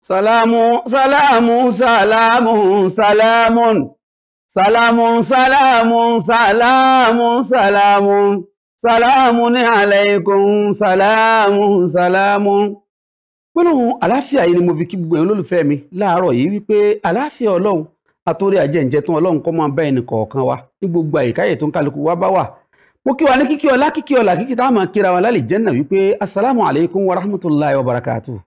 Salamu, salamu, salamu, salamun. Salamun, salamun, salamun, salamun. Salamun alaikum, salamun, salamun. Gbólóhùn àláfíà yìí ni mo fi kí gbogbo èèyàn olólùfẹ́ mi láàárọ̀ yìí wípé àláfíà ọlọ́run àtòrí àjẹǹjẹ tún ọlọ́run kọ́ máa bá ẹnì kọ̀ọ̀kan wa ní gbogbo àyíkáyè tó ń kálukú wá bá wà. Mo kí wa ní kíkí ọlá kíkí ọlá kíkí táwọn máa kíra wa lálẹ́ jẹ́nà wípé asalaamu alaikum wa rahmatulahi wa barakatuh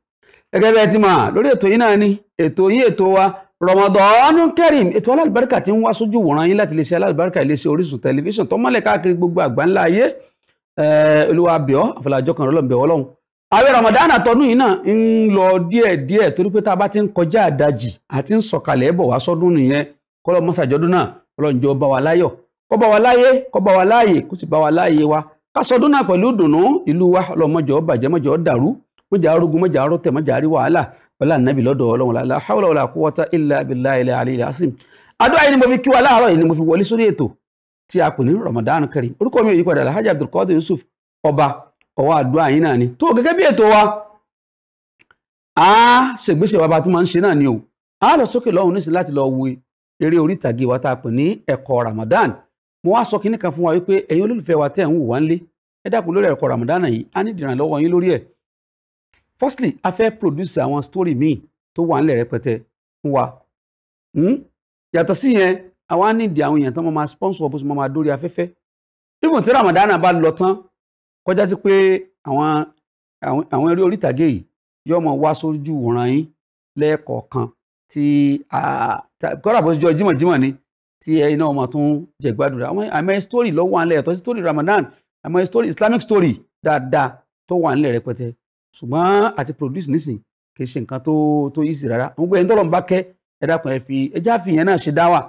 gẹ́gẹ́ bẹ́ẹ̀ ti máa lórí ètò yìí náà ni ètò yìí ètò wa rọmọdọ́ọ́nù kẹrìm ètò alálùbáríkà tí ń wá sójú wòran yín láti iléeṣẹ́ alálùbáríkà iléeṣẹ́ Orísun tẹlifíṣàn tó mọ́lẹ̀ káàkiri gbogbo àgbáńlá ayé olúwa bíọ́ àfọlájọ kan rọlọ́mùbẹ̀ ọlọ́run àwẹ̀ rọmọdánà tọdún yìí náà ń lọ díẹ̀ díẹ̀ torí pé tá a bá ti ń kọjá àdájì àti ń sọ̀kalẹ̀ bọ̀ wá sọ́dún nìyẹn kọ́lọ́ mọ́sàjọ́dún náà ọlọ́njọ́ bá wa láyọ̀ kó bá wa láyé kó bá wa láàyè kó sì bá wa láàyè wa ká sọdún náà pẹ̀lú ìdùnnú ìlú wa ọlọ́mọjọ́ bàjẹ́ mọ́jọ́ dàrú mọ̀jà arógun mọ̀jà arótẹ̀ mọ̀jà àrí wàhálà wàhálà nàbì lọ́dọ̀ ọlọ́run làlá hawla wala quwwata illa billahi al-ali al-azim àdúrà yìí ni mo fi kí wa láàárọ̀ yìí ni mo fi wọlé sórí ètò tí a pè ní Ramadan Kareem orúkọ mi ò yí padà Alhaji Abdulkadir Yusuf ọba ọwọ́ àdúrà yìí náà ni tó gẹ́gẹ́ bí ètò wa a ṣègbésẹ̀ wa bá ti máa ń ṣe náà ni o a lọ sókè lọ́hùn nísìnyí láti lọ wo eré orí ìtàgé wa tá a pè ní ẹ̀kọ́ Ramadan mo wá sọ firstly a fẹ́ produce àwọn story mi, tó wà nílẹ̀ rẹpẹtẹ fún wa hmm? yàtọ̀ sí yẹn àwa nídìí àwọn èèyàn tán máa sponsor bó ṣe máa dórí afẹ́fẹ́ even tí ramadana bá lọ tán kọjá sí pé àwọn àwọn eré orí ìtàgé yìí yóò mọ wá sójú wòran yín lẹ́ẹ̀kọ̀ọ̀kan tí kọ́ra bó ṣe jọ jímọ̀jímọ̀ ni tí ẹ̀yin náà máa tún jẹ̀gbádùn àwọn àmọ́ story lọ́wọ́ àlẹ́ ẹ̀tọ́ sí story ramadan àmọ́ story islamic story dáadáa tó wà nílẹ̀ rẹpẹtẹ ṣùgbọ́n àti produce nísìn kì í ṣe nǹkan tó tó easy rárá àwọn gbé ẹni tọ́lọ̀ ń bá kẹ́ ẹ dákun ẹ fi ẹjá fi yẹn náà ṣe dáwà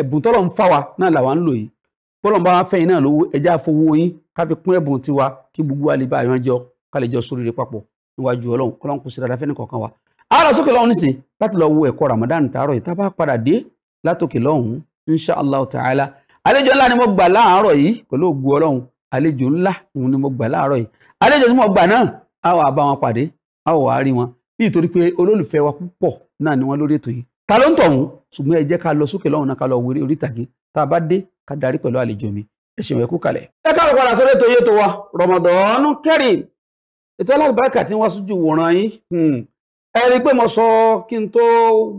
ẹ̀bùn tọ́lọ̀ ń fà wá náà làwa ń lò yìí bọ́lọ̀ ń bá wá fẹ́yìn náà lówó ẹjá fowó yín ká fi kún ẹ̀bùn tiwa kí gbogbo wa lè bá àyàn jọ ká lè jọ sórí papọ̀ níwájú ọlọ́run ọlọ́run kò sí dáadáa fẹ́ni kọ̀ọ̀kan wa. a lọ sókè lọ́hún nísìn láti lọ wo ẹ̀kọ́ Ramadan tààrọ̀ yìí tá a bá padà dé látòkè lọ́hún insha Allah ta'ala àlejò ńlá ni mo gbà láàárọ̀ yìí pẹ̀lú ògùn ọlọ́run àlejò ńlá ni mo gbà láàárọ̀ yìí àlejò tí mo gbà náà a wà bá wọn pàdé a ò wá rí wọn nítorí pé olólùfẹ́ wa púpọ̀ náà ni wọ́n lórí ètò yìí ta ló ń tọ̀hún ṣùgbọ́n ẹ jẹ́ ká lọ sókè lọ́hùn náà ká lọ wéré orí ìtàgé tá a bá dé ká darí pẹ̀lú àlejò mi ẹ ṣèwẹ́ kú kalẹ̀. ẹ káàbọ̀ padà sórí ètò yìí wa Ramadan Kareem ètò alábàárìkà tí wọ́n sójú wòran yín hmm. ẹ rí i pé mo sọ kí n tó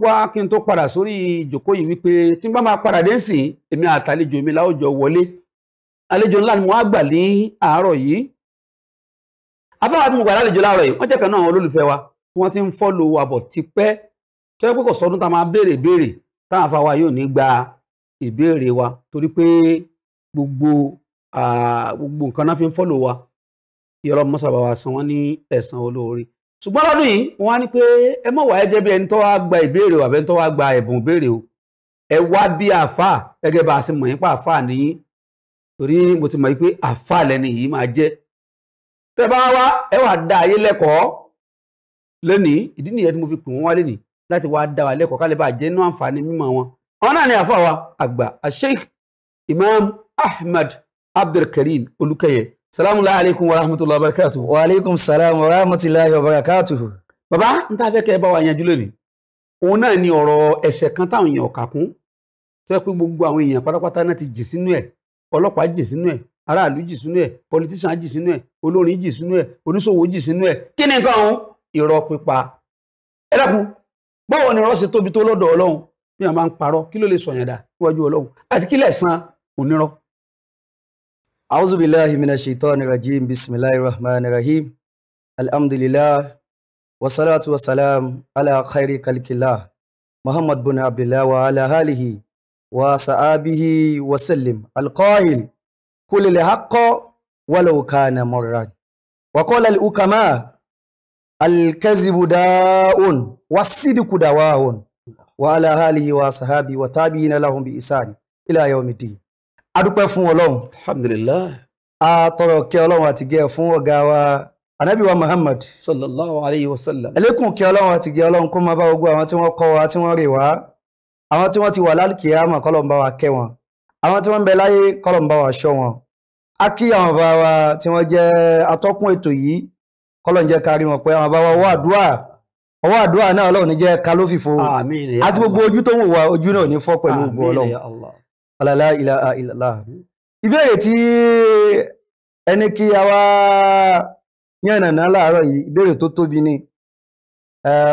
wá kí n tó padà sórí ìjókòó yìí wípé tí n bá máa padà dé sìn èmi àtàlejò mi láwùjọ wọlé àlejò ńlá ni mo wá gbà ní àárọ̀ yìí afẹ́wà tí mo gbà lálejò láàárọ̀ yìí wọ́n jẹ́ kan náà àwọn olólùfẹ́ wa tí wọ́n ti ń fọ́lò wa bọ̀ tipẹ́ tó yẹ pé kò sọdún tá máa béèrè béèrè táwọn afáwa yóò ní gba ìbéèrè wa torí pé gbogbo gbogbo nǹkan náà fi ń fọ́lò wa ìyọlọ mọ́sàbà wa san wọ́n ní ẹ̀san olóore ṣùgbọ́n lọ́dún yìí wọ́n á ní pé ẹ mọ̀ wá ẹ jẹ́ bí ẹni tó wá gba ìbéèrè o ẹni tó wá gba ẹ̀bùn ìbéèrè o ẹ wá bí àáfàá gẹ́gẹ́ bá a ṣe mọ̀ yín pa àáfàá nìyí torí mo ti mọ̀ yín pé àáfàá lẹ́ni yìí máa jẹ́ tẹ́ bá wá ẹ wà dá ayé lẹ́kọ̀ọ́ lónìí ìdí nìyẹn tí mo fi pè wọ́n wá lónìí láti wá dá wa lẹ́kọ̀ọ́ kálẹ̀ bá jẹ́ inú àǹfààní mímọ̀ wọn àwọn náà ni àfa wa àgbà Sheikh Imam Ahmad Abdulkareem Olùkẹyẹ salamu alaykum wa rahmatulahi wa barakatuhu. wa aleykum salaam wa rahmatulahi wa barakatuhu. baba n ta fẹ́ kẹ́ ẹ bá wa yanjú lónìí òun náà ni ọ̀rọ̀ ẹ̀ṣẹ̀ kan táwọn èèyàn kà kún tó yẹ pé gbogbo àwọn èèyàn pátápátá náà ti jì sínú ẹ̀ ọlọ́pàá jì sínú ẹ̀ aráàlú jì sínú ẹ̀ politician jì sínú ẹ̀ olórin jì sínú ẹ̀ oníṣòwò jì sínú ẹ̀ kí ni nǹkan ọ̀hún irọ́ pípa ẹ dákun báwo ni irọ́ ṣe tóbi tó lọ́dọ̀ ọlọ́run bí wọn bá ń parọ́ kí ló lè sọ̀yàn dà níwájú ọlọ́run àti kí lẹ̀ san onírọ́. a'udhu billahi minash shaitani rajim bismillahir rahmanir rahim alhamdulillah wasalaatu wasalaam ala khairi kalkila muhammad bin abdullah wa ala alihi wa sa'abihi wa sallim قل الحق ولو كان مرا وقال الحكماء الكذب داء والصدق دواء وعلى آله وصحبه وتابعين لهم بإحسان إلى يوم الدين adúpẹ́ fún ọlọ́run alhamdulillah a tọrọ kí ọlọ́run àti gẹ́ fún ọ̀gá wa anabi wa muhammad sallallahu alayhi wa sallam ẹlẹ́kùn kí ọlọ́run àti gẹ́ ọlọ́run kó máa bá gbogbo àwọn tí wọ́n kọ́ wa tí wọ́n rè wá àwọn tí wọ́n ti wà lálùkìyàmọ̀ kọ́lọ̀ ń bá wa kẹ́ wọn àwọn tí wọ́n ń bẹ láyé kọ́lọ̀ wa ṣọ́ wọn a àwọn bàbá wa tí wọ́n jẹ́ atọ́kùn ètò yìí kọ́lọ́n jẹ́ kárí wọn pé àwọn bàbá wa ọwọ́ àdúrà ọwọ́ àdúrà náà ọlọ́run ní jẹ́ ká ló fìfo àti gbogbo ojú tó ń wò wá ojú náà ní fọ́ pẹ̀lú gbogbo ọlọ́run alala ilà ilà ìbéèrè tí ẹni kí a wá yànnàná láàárọ̀ yìí ìbéèrè tó tóbi ni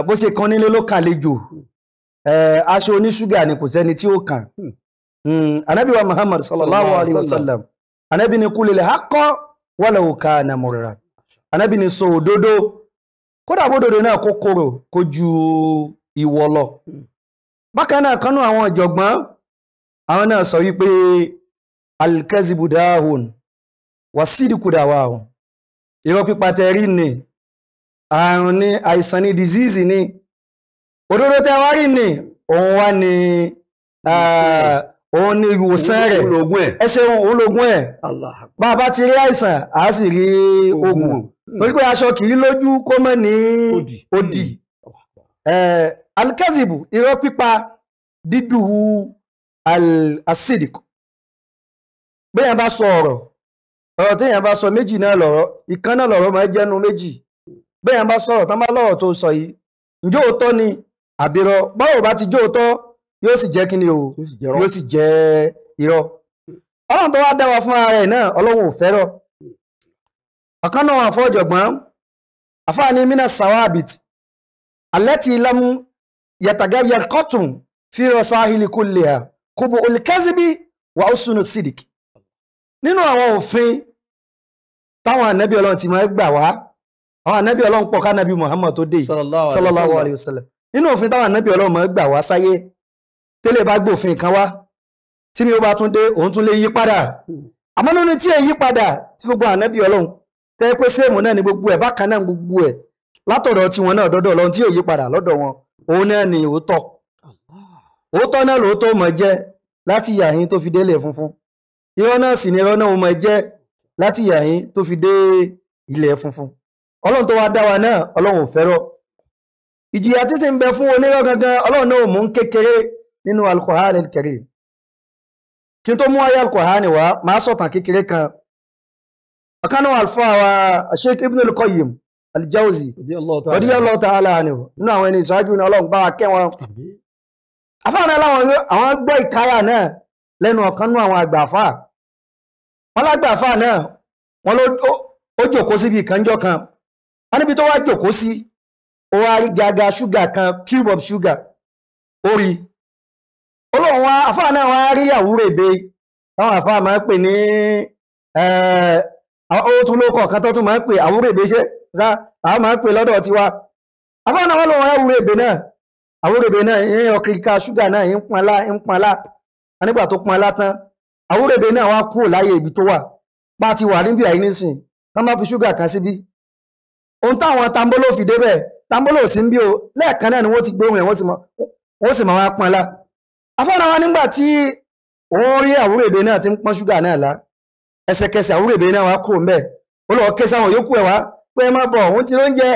bó ṣe kan nílé ló kàn lejò aṣọ oníṣúgà ni kò sẹ́ni tí ó kàn hmm. hmm, anabiwa muhammad sallallahu alayhi wa sallam ànábì ní kulil haqqo walau kana murra ànábì ní sọ òdodo kódà bódodo náà kó korò kó ju ìwọ lọ bákan náà kanú àwọn ọ̀jọ̀gbọ́n àwọn náà sọ wípé alkazibu dahun wasidiku dawahun irọ́ pípa tẹ̀rí ni àrùn ni àìsàn ni disease ni òdodo tẹ̀wárí ni òun wá ni. o ni e se ologun e baba ti ri aisan a si ri ogun tori pe aso kiri loju ko mo ni odi eh alkazibu iro pipa didu al acidic bi en ba so oro oro ti en ba so meji na loro ikan na loro ma jenu meji bi en ba so oro tan to so yi njo ni adiro bawo ba ti jo yóò sì jẹ́ kíni o yóò sì jẹ́ irọ́ ọlọ́run tó wá fúnra rẹ̀ náà ọlọ́run ò fẹ́rọ̀ ọ̀kan náà àfọ́ ọ̀jọ̀gbọ́n àfáàní mina sawabit alẹ́tì ilamu yàtàgáyà kọ́tùn fi rọ̀sá ahìlìkú lẹ́à olùkẹ́síbí wà ó sunu sidik nínú àwọn òfin táwọn ànábì ti máa gbà wá àwọn ànábì ọlọ́run pọ̀ ká Muhammad tó dé sallallahu alayhi wa sallam nínú òfin táwọn máa tẹ́lẹ̀ bá gbòfin kan wá tí mi ó bá tún dé òun tún lè yí padà àmọ́ lónìí tí ẹ̀ yí padà tí gbogbo ànábì ọlọ́run tẹ́ pé sèmù náà ni gbogbo ẹ̀ bákan náà gbogbo ẹ̀ látọ̀dọ̀ tiwọn náà dọ́dọ̀ ọlọ́run tí ò yí padà lọ́dọ̀ wọn òun náà ni òótọ́ òótọ́ náà lóòótọ́ mọ̀ jẹ́ láti tó fi funfun irọ́ náà sì ni irọ́ náà mọ̀ jẹ́ láti tó fi dé ilẹ̀ funfun ọlọ́run tó wá dá wa náà ọlọ́run ò fẹ́rọ̀ tí sì ń bẹ fún onírọ́ gangan náà mú kékeré nínú al-Qur'an al-Karim kí n tó mú ayé al wá máa sọ̀tàn kékeré kan ọ̀kan náà alfa wa Sheikh Ibn al-Qayyim al-Jawzi radiyallahu ta'ala nínú àwọn ní ọlọ́run bá wa kẹ́ wọn afáàná láwọn àwọn gbọ́ ìkáyà náà lẹ́nu ọ̀kan nú àwọn àgbàfà wọn lágbàfà náà wọn ló jòkó síbi kan wọn níbi tó wá jòkó sí wá rí ṣúgà kan cube of sugar O olóhùn wa àfáà náà wá rí àwúrèbe táwọn àfáà máa ń pè ní ó tún ló kọ̀ kan tó tún máa ń pè àwúrèbe ṣe ṣá àwọn máa ń pè lọ́dọ̀ tiwa àfáà náà awurebe lóhùn àwúrèbe náà àwúrèbe náà yẹn ọkìríkà ṣúgà náà ń panlá ń panlá nígbà tó panlá tán náà kúrò láyé ibi tó wà bá ti wà níbi àyí nísìn tán bá fi ṣúgà kan síbí ohun táwọn tambolo fi débẹ̀ tambolo sí ń bí afọ́nà wa nígbà tí wọ́n rí àwúrèbè náà ti ń pọ́n ṣúgà náà lá ẹsẹ̀kẹsẹ̀ àwúrèbè náà wá kò mẹ́ olóò ké sáwọn yòókù ẹ̀ wá pé ẹ bọ̀ òun ti lóúnjẹ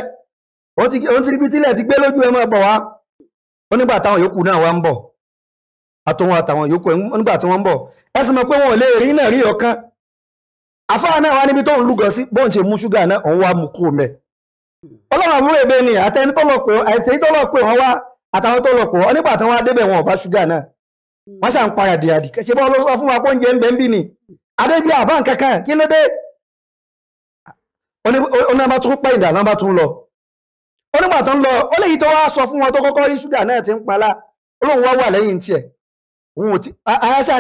òun ti ríbi tílẹ̀ ti gbé lójú ẹ má bọ̀ wá ó nígbà táwọn yòókù náà wá ń bọ̀ àtàwọn nígbà tí ẹ sì mọ̀ pé wọn ò lè rí náà rí ọ̀kan afọ́nà náà wá níbi tó ń lúgọ sí ṣe mú ṣúgà náà òun wá mú mẹ́ ni wọ́n ṣà ń adi dìyàdì ṣe bọ́ sọ fún wa pé oúnjẹ ń bẹ ń bì ní adébí àbá nkankan kí ló dé onígbà tún pẹ́ tún lọ onígbà tó ń lọ ó lè yí tó wá sọ fún wọn tó ti ń olóhùn wá wà lẹ́yìn tiẹ̀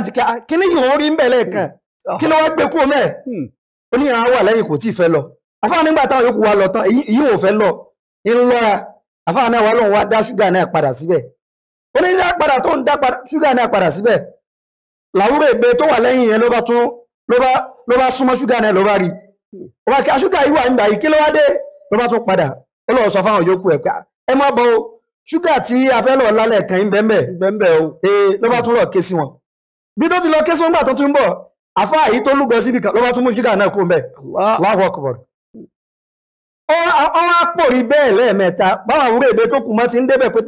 ti kí orí ń bẹ̀ lẹ́ẹ̀kan hmm. kí gbé mẹ́ẹ̀ hmm. lọ nígbà táwọn yòókù wa lọ tán èyí ò fẹ́ lọ náà wà onídá padà tó ń dá padà ṣúgà náà padà síbẹ̀ làwúrò ègbè tó wà lẹ́yìn yẹn ló bá tún ló bá súnmọ́ ṣúgà náà ló bá rí ó bá kí aṣúgà yìí wà nígbà yìí kí ló wá dé ló bá tún padà ó lọ sọ fáwọn yòókù ẹ̀ pé ẹ má bọ o ṣúgà tí a fẹ́ lọ lálẹ́ kan ń bẹ́ẹ̀ bẹ́ẹ̀ o ló bá tún lọ ké sí wọn bí tó ti lọ ké sí wọn gbà tó tún bọ̀ àfáà yìí tó lúgọ síbi kan ló bá tún mú ṣúgà náà kú bẹ́ẹ̀ Allahu Akbar ọwọ́ àpòrí bẹ́ẹ̀ lẹ́ẹ̀mẹ́ta báwọn àwúrò èdè tó kù mọ́ ti ń débẹ̀ pé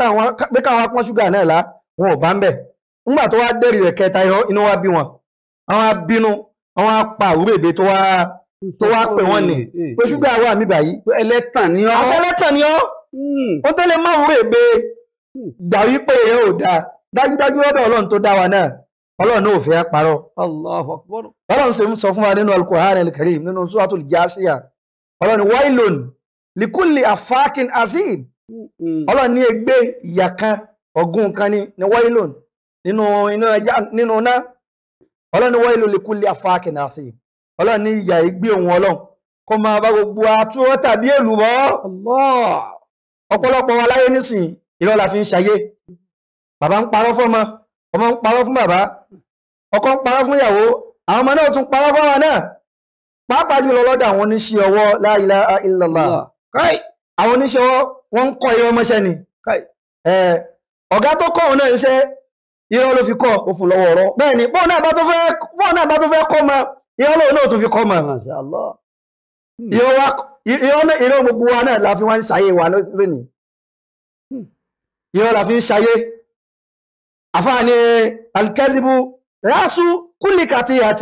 káwọn pọ́n ṣúgà náà lá wọn ò bá ń bẹ̀ nígbà tó wá dẹ́rì rẹ̀ kẹta inú wá bí wọn àwọn abínú àwọn apá àwúrò èdè tó wá tó wá pè wọ́n ní pé ṣúgà wà mí báyìí. ẹlẹ́tàn ni ọ́ àṣẹ ẹlẹ́tàn ni ọ́ hmm. ó tẹ́lẹ̀ má àwúrò èdè gbà wípé èèyàn ò dáa dájúdájú ọ̀dọ̀ Ọlọ́run tó dá wa náà Ọlọ́run náà ò fẹ́ parọ́ Ọlọ́run sì ń sọ fún wa nínú Al-Qur'an nínú Suratul Jasiya ọlọ́ni wailon likuli afakin azib ọlọ́ni ègbé ìyà kan ọ̀gùn kan ni ni wailon nínú iná nínú iná ọlọ́ni wailon likuli afakin azib ọlọ́ni ìyà ègbé òun ọlọ́run kó máa bá gbogbo àtúwọ́ tàbí èlùbọ́ ọ̀pọ̀lọpọ̀ wa láyé nísìnyí irọ́ la fi ń ṣayé bàbá ń parọ́ fọ́mọ ọmọ ń parọ́ fún bàbá ọkọ ń parọ́ fún ìyàwó àwọn ọmọ náà tún parọ́ fọ́mọ náà pàápàá jùlọ lọ́dọ̀ àwọn oníṣẹ́ ọwọ́ la ilaha àwọn oníṣẹ́ ọwọ́ wọ́n ń kọ́ irọ́ mọ́ṣẹ́ ni ọ̀gá tó kọ́ òun náà iṣẹ́ irọ́ ló fi kọ́ ó fún lọ́wọ́ ọ̀rọ̀ bẹ́ẹ̀ ni bọ́ọ̀ náà bá tó fẹ́ ma irọ́ lóun náà fi kọ́ ma hmm. irọ́ la fi wá ń ṣayé wa lónìí hmm. irọ́ la fi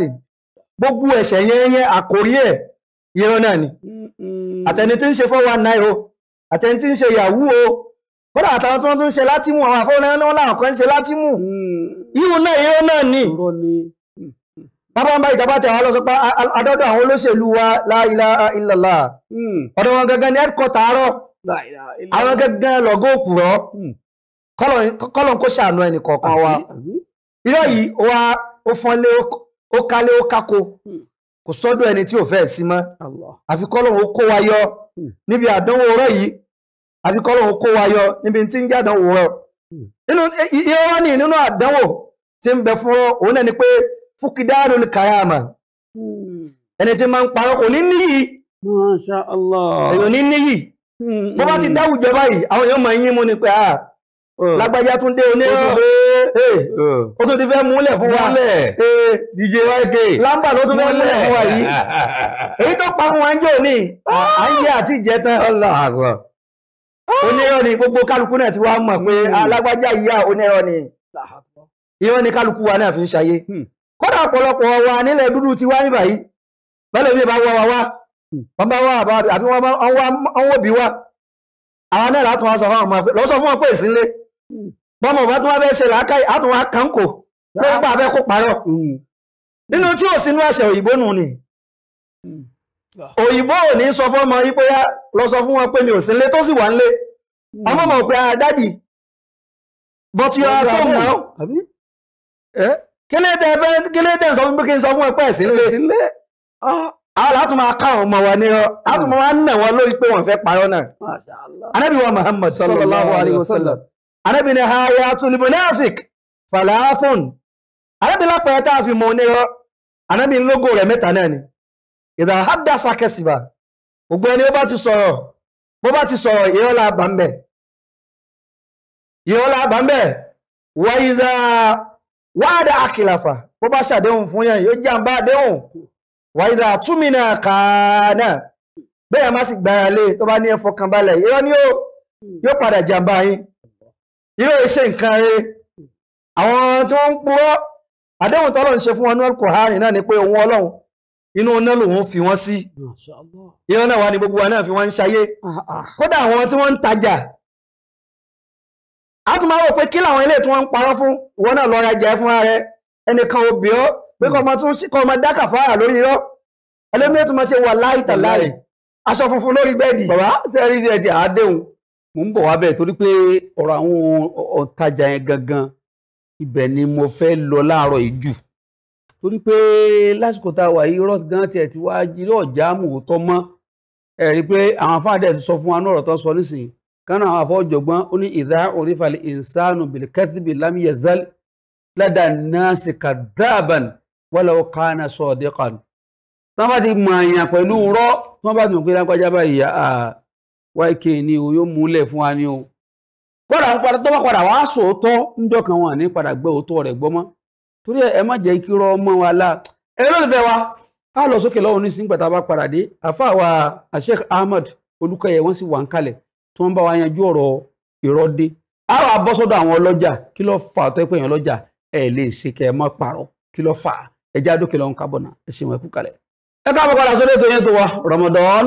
ń gbogbo ẹ̀ṣẹ̀ yẹn yẹn àkórí ìran náà ni àtẹni tí ń ṣe four o àtẹni tí ṣe yahoo o kódà àtàwọn tí wọ́n tún ń ṣe àwọn náà làwọn kan ṣe látìmù ìhun mm. náà ìran náà ni bàbá ń bá ìjọba tí àwọn lọ sọ pé adọ́dọ̀ àwọn olóṣèlú wa mm. ọ̀dọ̀ wọn gangan ni mm. wa yìí ó ó kálé ó kákó hmm. kò sọ́dọ̀ ẹni tí ò fẹ́ sí mọ́ àfi ó kó wa yọ hmm. níbi àdánwò rọ yìí àfi ó kó wa yọ níbi tí ń àdánwò ti hmm. nínú nínú àdánwò tí ń bẹ fún òun náà ni pé fúkìdáàrú ni kàyàmà ẹni tí máa ń ti dáwùjọ báyìí àwọn èèyàn máa ń yín mú ni pé ah, Hmm. lágbájá tún dé oníhàn hmm. ó tún ti fẹ́ múlẹ̀ fún wa DJ YK lámbà ló tún fẹ́ múlẹ̀ fún wa yìí èyí tó pa fún wa ń jẹ́ òní ah. à ń jẹ́ àti ìjẹtan ah. onírọ̀ ni gbogbo kálukú náà ti wá mọ̀ pé hmm. alágbájá ìyá onírọ̀ ni irọ́ ni kálukú wa náà fi ń ṣayé kódà ọ̀pọ̀lọpọ̀ wa nílẹ̀ dúdú ti wá níbà yìí bẹ́ẹ̀ lóbi bá wá wa wá wọ́n bá wá àbí wọ́n wá bí wá àwọn náà látún wá sọ fún ọmọ pé lọ́sọ fún ọ pé ìsínlé bọ́mọ bá tún wá fẹ́ ṣe làákàyè á tún wá kánkò ló ń pa afẹ́ kó parọ́ nínú tí ò sínú àṣẹ òyìnbó nù ni òyìnbó ò ní sọ fọ́mọ yí pé lọ sọ fún wọn pé mi ò sílé tó sì wà nílé ọmọ mọ̀ pé ah, dádì but you are home now kí lè tẹ fẹ́ kí lè tẹ sọ fún pé kí n sọ fún ẹ pé ẹ̀sìn lé àwọn ah. látún máa ká àwọn ọmọ wa ní ọ látún máa nà wọn lórí pé wọn fẹ́ parọ́ náà anábìwọ Muhammad sallallahu alayhi wa sallam anábì ni hayatul munafik falafun anábì lápẹ̀ẹ́ tá a fi mọ̀ onírọ́ anábì ní lógo rẹ̀ mẹ́ta náà ni ìdá hadasa kẹsìbà gbogbo ẹni ó bá ti sọ̀rọ̀ bó bá ti sọ̀rọ̀ ìrọ́lá àbámbẹ̀ ìrọ́lá àbámbẹ̀ wáyíza wáàdà àkìlàfà bó bá ṣàdéhùn fún yẹn yóò jàǹbá àdéhùn wáyíza túmínà kàánà bẹ́ẹ̀ má sì gbára lé e, tó bá ní ẹ fọkànbalẹ̀ irọ́ ni yóò padà jàǹbá yín yóò ṣe nǹkan Awọn àwọn tí wọ́n ń purọ́ àdéhùn fún wọn ní al náà ni pé ohun Ọlọ́run inú iná lòun fi wọ́n sí iná náà wà ní gbogbo wa náà fi wọ́n ń ṣayé ah, ah. kódà àwọn tí wọ́n ń tajà a tún máa wò pé kí làwọn ilé tí wọ́n ń parọ́ fún ìwọ náà lọ rajà ẹ fúnra rẹ ẹnìkan ò bí ọ pé kọ́ ọmọ tún kọ́ ọmọ lórí irọ́ ẹlẹ́mìí tún máa ṣe wà láì aṣọ funfun lórí mo ń bọ̀ wá bẹ́ẹ̀ torí pé ọ̀rọ̀ àwọn ọ̀tajà yẹn gangan ibẹ̀ ni mo fẹ́ lọ láàárọ̀ yìí jù torí pé lásìkò tá a wà yìí irọ́ gan tiẹ̀ ti wá irọ́ ọ̀já mòótọ́ mọ́ ẹ rí i pé àwọn afáàdẹ ti sọ fún wa ní ọ̀rọ̀ tó ń sọ nísìnyí kánà àwọn afọ́jọ̀gbọ́n ó ní ìdá orífàlẹ̀ ìsánù bìlì kẹ́tìbì lámìyẹ̀zẹ́l ládàá náà sì kà dáàbàn wọ́n lọ́wọ́ kánà sọ̀ọ́dẹ́kànù tí wọ́n bá ti mọ̀ àyàn pẹ̀lú rọ́ tí wọ́n bá ti mọ̀ pé lágbájá ike ni o yóò múlẹ̀ fún wa ni o kódà ń padà tó bá padà wàá sòótọ́ níjọ́ kan wọn ní padà gbọ́ òótọ́ rẹ̀ gbọ́ mọ́ torí ẹ má jẹ́ kí rọ ọmọ wa la ẹ̀rọ lọ́nà wa ká lọ sókè lọ́wọ́ ní sínú padà dé wa Sheikh Ahmed Olúkọ̀yẹ wọ́n sì wà ń kalẹ̀ tí wọ́n bá wa yanjú ọ̀rọ̀ ìrọ́dé a wà bọ́ sọ́dọ̀ àwọn ọlọ́jà kí fà ẹ lè ṣe ẹ má parọ́ kí wa Ramadan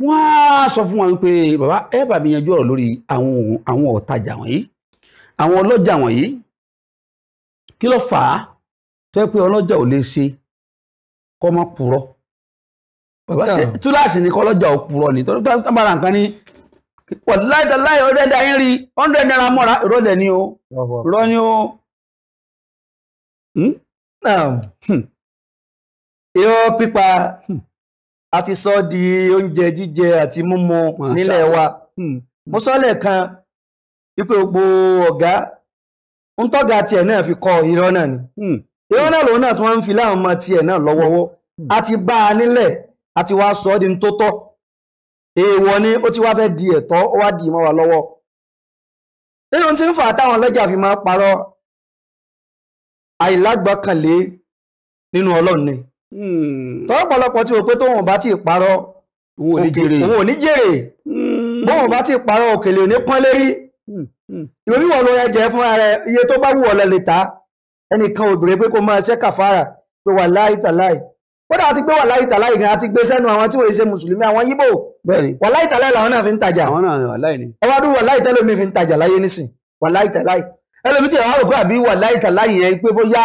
wọ́n á sọ fún wọn pé bàbá ẹ bá mi yanjú ọ̀rọ̀ lórí àwọn àwọn ọ̀tajà wọ̀nyí àwọn ọlọ́jà wọ̀nyí kí ló fà á tó yẹ pé ọlọ́jà ò lè ṣe kó má purọ́ bàbá ṣe túláàsì ni kọ́lọ́jà ò purọ́ ni tọ́lú tó bá ra nǹkan ní láìdáláì ọ̀rẹ́ dá yín rí hundred naira mọ́ra ìrọ̀lẹ́ ni o ìrọ̀ ni o. Hmm? Hmm. irọ́ pípa hmm a ti sọ di oúnjẹ jíjẹ àti mímu nílẹ̀ wa hmm. mo sọ lẹ́ẹ̀kan wípé gbogbo ọ̀gá ń tọ́gà tiẹ̀ náà fi kọ irọ́ náà ni hmm. irọ́ náà lòun náà tí wọ́n ń fi láwọn ọmọ tiẹ̀ náà lọ́wọ́ hmm. a ti bá a nílẹ̀ a ti wá sọ ọ́ di tó tọ́ èèwọ̀ ni ó ti wá fẹ́ di ẹ̀tọ́ ó wá di mọ́ wa lọ́wọ́ nínú tí ń fà táwọn ọlọ́jà fi máa parọ́ àìlágbọ́kànlé nínú Ọlọ́run ni. Hmm. tọ́pọ̀lọpọ̀ tí o pé tóun bá ti parọ́ òun ò ní jèrè hmm. bóun bá ti parọ́ òkèlè ò ní pọ́n lérí hmm. ìwé wíwọ̀ ló ẹ̀jẹ̀ fún ara iye tó bá wùwọ̀ lọ́lẹ̀ ta ẹnìkan obìnrin pé kó máa ṣe kàfàrà pé wà láì tàláì kódà àti pé wà láì tàláì gan àti gbé sẹ́nu àwọn tí wọ́n ṣe mùsùlùmí àwọn yíbò wà láì tàláì làwọn náà fi ń tajà ọwọ́ dún wà láì tẹ́lómi fi ń tajà láyé nísìn wà láì tàláì ẹlòmítì àwọn àròkọ àbí wà láì tàláì yẹn pé bóyá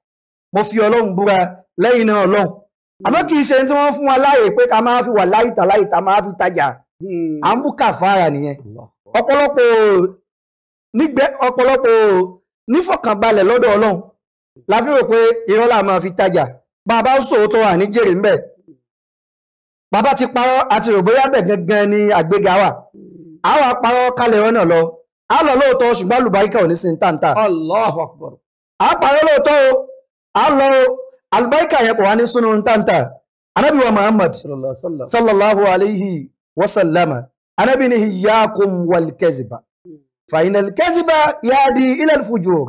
mo fi ọlọ́run búra lẹ́yìn náà ọlọ́run àmọ́ kì í ṣe tí wọ́n fún wa láàyè pé ká máa fi wà láyìíta láyìíta máa fi tajà à ń bùkà fara nìyẹn ọ̀pọ̀lọpọ̀ nígbẹ́ ọ̀pọ̀lọpọ̀ nífọ̀kànbalẹ̀ lọ́dọ̀ ọlọ́run la fi rò pé irọ́ là máa fi tajà bàbá sòótọ́ wà jèrè ńbẹ̀ bàbá ti parọ́ àti rò bẹ̀ gangan ni àgbéga wà àwa parọ́ kalẹ̀ ọ̀nà lọ á lọ lóòótọ́ ṣùgbọ́n àlùbáríkà ò ní sí ní tàǹtà. Allahu Akbar. àpàrọ̀ lóòótọ́ o a lọ albaika yẹn kò wá ní sunu ntanta anabi wa muhammad sallallahu alayhi wa sallama anabi ni hiyakum wal keziba fa inal keziba yaadi ilal fujur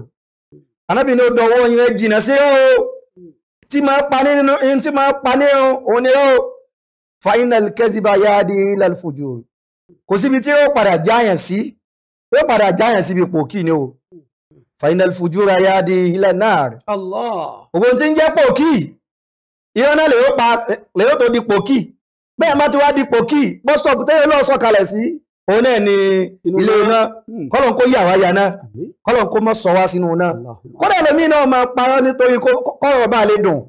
anabi ni o dọwọ́ yẹn jìnnà sí o tí máa pa ní nínú in tí máa pa ní òun ni o fa inal keziba yaadi ilal fujur kò síbi tí ó padà jáyàn sí ó padà jáyàn síbi pòkì ni o. Final fujura ya di ilẹ̀ náà rẹ̀. ògbó tí ń jẹ́ pòkì ìran náà lèyó tó di pòkì bẹ́ẹ̀ má ti wá di pòkì bọ́stọ̀pù tẹ́yẹ lọ́ọ́ sọ̀kalẹ̀ sí òun náà ni ilé iná hmm. kọ́lọ̀n kó yà wá ya náà kọ́lọ̀n kó mọ́ sọ wá sínú náà kódà lómi náà máa parọ́ nítorí kọ́rọ̀ bá lè dùn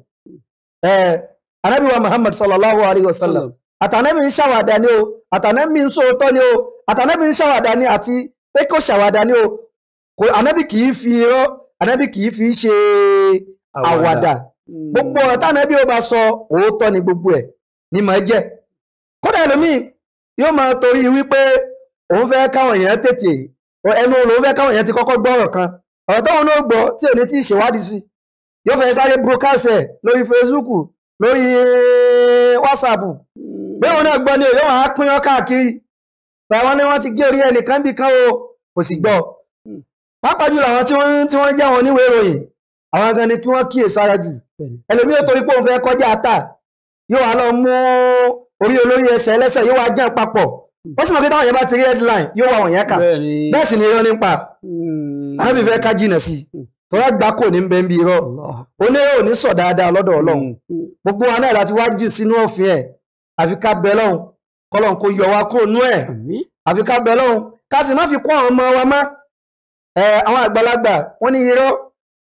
anábì wa muhammad sallallahu alayhi wa sallam àtànábì ń ṣàwàdà ni o àtànábì ń sòótọ́ ni o àtànábì ń ṣàwàdà ni kò anábì kì í fi irọ́ anábì kì í fi ṣe àwàdà hmm. gbogbo ọ̀rọ̀ tánábì ó bá sọ òótọ́ ni gbogbo ẹ̀ ni màá jẹ́ kódà ẹlòmíì yóò máa torí wípé òun fẹ́ káwọn èèyàn tètè ẹnu òun fẹ́ káwọn èèyàn ti kọ́kọ́ gbọ́ ọ̀rọ̀ kan ọ̀rọ̀ tóun náà gbọ́ tí òun ti ṣèwádìí sí yóò fẹ́ sáré broadcast ẹ̀ lórí Facebook lórí WhatsApp hmm. bí òun náà gbọ́ ni òun yóò wá pín ọ́ káàkiri báwọn ni wọ́n ti gé orí ẹnìkan bì o kò sì gbọ́ ọ pàápàá jùlọ àwọn tí wọ́n tí wọ́n já wọn níwèé ìròyìn àwọn gan ni kí wọ́n kíyè sára jù ẹlòmíì torí pé òun fẹ́ kọjá ata yóò wá lọ mú orí olórí ẹsẹ̀ ẹlẹ́sẹ̀ yóò wá jẹun papọ̀ wọ́n sì mọ̀ pé táwọn yẹn bá ti rí headline yóò wá wọ̀nyẹn kà bẹ́ẹ̀ sì ni irọ́ nípa hmm. àbí fẹ́ ká jìnà sí tọ́lá gbà kò ní bẹ́ẹ̀ bí irọ́ onírò ò ní sọ dáadáa lọ́dọ̀ ọlọ́run hmm. gbogbo wa náà láti wá jì sínú òfin ẹ̀ àfi ká bẹ lọ́hùn kọ́lọ́hùn kó yọ wá kúrò nú ẹ̀ àfi ká bẹ lọ́hùn ká sì má fi kó àwọn ọmọ wa má àwọn àgbàlagbà wọ́n ní irọ́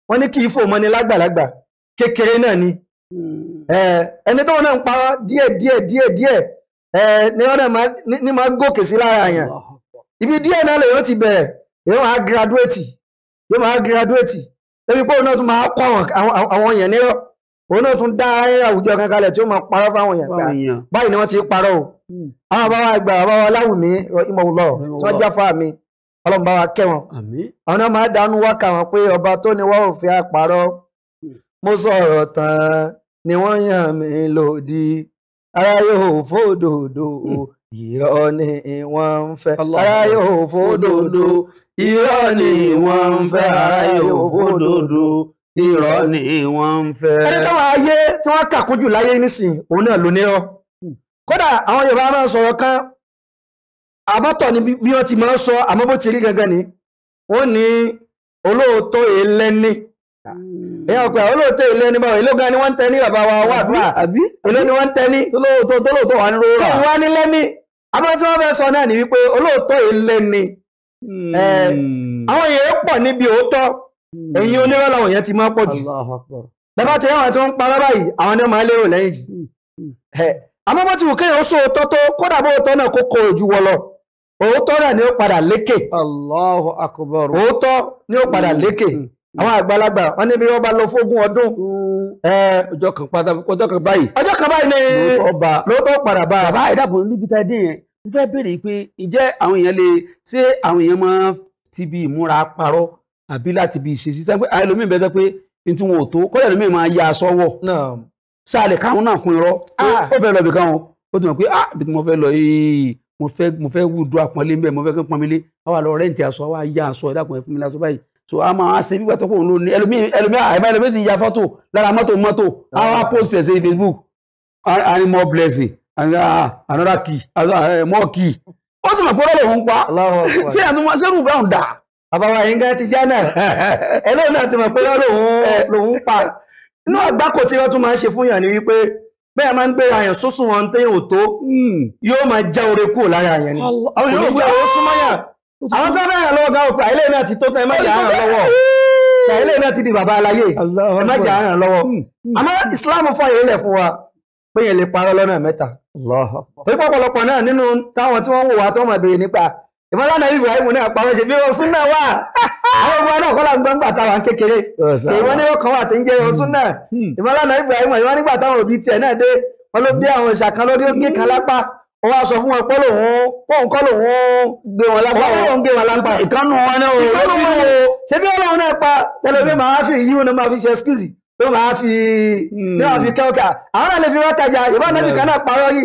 wọ́n ní kì í fò mọ́ni lágbàlagbà kékeré náà ni hmm. ẹni tó wọn náà ń parọ́ díẹ̀ díẹ̀ díẹ̀ díẹ̀ ni wọ́n náà ní máa gòkè sí lára àyàn ibi díẹ̀ náà lè yóò ti bẹ̀rẹ̀ yóò máa gíradúrétì yóò máa gíradúrétì ebi pé òun náà tún máa kọ́ àwọn èèyàn nírọ́ òun náà tún dá àwùjọ kan kalẹ̀ tí ó máa parọ́ fáwọn èèyàn gbà báyìí ni wọ́n ti parọ́ o hmm. àwọn bàbá àgbà bàbá aláwùmí ìmọ̀ òwúlọ̀ tí wọ́n jáfa mi ọlọ́run bá wa kẹ́ wọn. àwọn náà máa dánú wá kà wọ́n pé ọba tó ní wá ò fi àpárọ̀ hmm. mo sọ̀rọ̀ tán ni wọ́n yàn mí lòdì ara yóò fòdòdó hmm. irọ́ ni wọ́n ń fẹ́ ara yóò fòdòdó irọ́ ni wọ́n ń fẹ́ ara yóò fòdòdó irọ́ ni wọ́n ń fẹ́. ẹni táwọn ayé tí wọ́n kàkójú láyé nísìnyí òun náà ló nírọ́ kódà àwọn yorùbá máa ń sọ̀rọ̀ kan àbátọ̀ ni bí wọ́n ti máa sọ àmọ́ bó ti rí gangan ni wọ́n ní olóòótọ́ ẹlẹ́ni ẹ ọ̀pẹ olóòótọ́ ẹlẹ́ni báwọn ìlógan ni wọ́n ń tẹ́ bàbá wa wà ni wọ́n ń tẹ́ ní tólóòótọ́ wà ń ro tí wọ́n ní lẹ́ni àmọ́ tí wọ́n fẹ́ sọ náà ni wípé olóòótọ́ ẹlẹ́ni hmm. àwọn èèyàn pọ̀ níbi òótọ́ èyí hmm. làwọn èèyàn ti ni máa òótọ́ náà ni ó padà lékè Allahu akbar òótọ́ ni ó padà mm, lékè mm, mm. àwọn àgbàlagbà wọn níbi wọn bá lọ fógún ọdún ọjọ́ kan padà ọjọ́ kan báyìí ọjọ́ kan báyìí ni lóòótọ́ padà bá bàbá ìdàbò níbi tá a dín yẹn mo fẹ́ béèrè pé ǹjẹ́ àwọn èèyàn lè ṣé àwọn èèyàn máa ti bi ìmúra parọ́ àbí láti bi ìṣesí sáà pé ẹlòmíì bẹ́ẹ̀ pé n tí wọn ò tó kọ́lẹ̀ ẹlòmíì máa ya aṣọ wọ̀ sáà lè káwọn náà kún irọ́ ah. ó fẹ́ lọ bìkan o ó ti mọ̀ pé ah bí mo fẹ́ lọ yìí eh, mo fẹ́ mo fẹ́ wùdú àpọ́nlé mbẹ́ mo fẹ́ kí n pọ́nmi lé àwa lọ rẹ́ǹtì aṣọ àwa yá aṣọ ẹ̀dá kan ẹ̀ mi láṣọ báyìí so a máa ṣe bí gbàtọ́ pòun ló ní ẹlòmíì ẹlòmíì àìmọ́ ẹlòmíì ti ya fọ́tò lára mọ́tò mọ́tò àwa ah. post ẹ̀ Facebook any more blessing ah, another key eh, more key ó sì mọ̀ pé ọlọ́run ń pa ṣé àtúmọ̀ ṣé rúbà ń dà àbáwá yín gá ti jánà ẹlẹ́sìn àti mọ̀ pé lọ́rùn eh. lòún pa inú àgbákò tí wọ́n tún máa ń ṣe fún yàn ni wípé bẹ́ẹ̀ máa ń gbé àyàn sósùn wọn tẹ́yìn ò tó hmm. yóò máa já oore kúrò lára àyàn ni àwọn yóò já owó súnmọ́yà àwọn tó bẹ́ẹ̀ lọ́wọ́ ga òpè náà ti tó tán ẹ má jà àyàn lọ́wọ́ àìlè náà ti di bàbá aláyé ẹ má jà àyàn lọ́wọ́ hmm. Hmm. àmọ́ Islam fàyè ilẹ̀ fún wa pé yẹn lè parọ́ lọ́nà mẹ́ta torí pọ̀pọ̀lọpọ̀ náà nínú táwọn tí wọ́n wò wá tí wọ́n máa béèrè nípa ìmọ̀lá nàbí Ibrahim náà pàwọn ṣe bí wọn súnà wà àwọn ọmọ náà kọ́lá gbọ́n gbà táwọn kékeré ìwọ ní ọkàn wà tí ń jẹ́ wọn súnà hmm. ìmọ̀lá nàbí Ibrahim ìwọ nígbà táwọn òbí tiẹ̀ náà dé wọn ló bí àwọn ìṣàkan lórí ó gé kan lápá ó wá sọ fún wọn pé lòun pọ́n kọ́ lòun gbé wọn lápá wọn gbé wọn lápá ìkànnù wọn náà ìkànnù wọn náà ṣe bí ọlọ́run náà pa tẹlifí máa fi yíwọn náà máa fi ṣe ló máa fi ní hmm. àwọn náà lè fi wọ́n tajà ìbọn náà fi kan náà parọ́ rí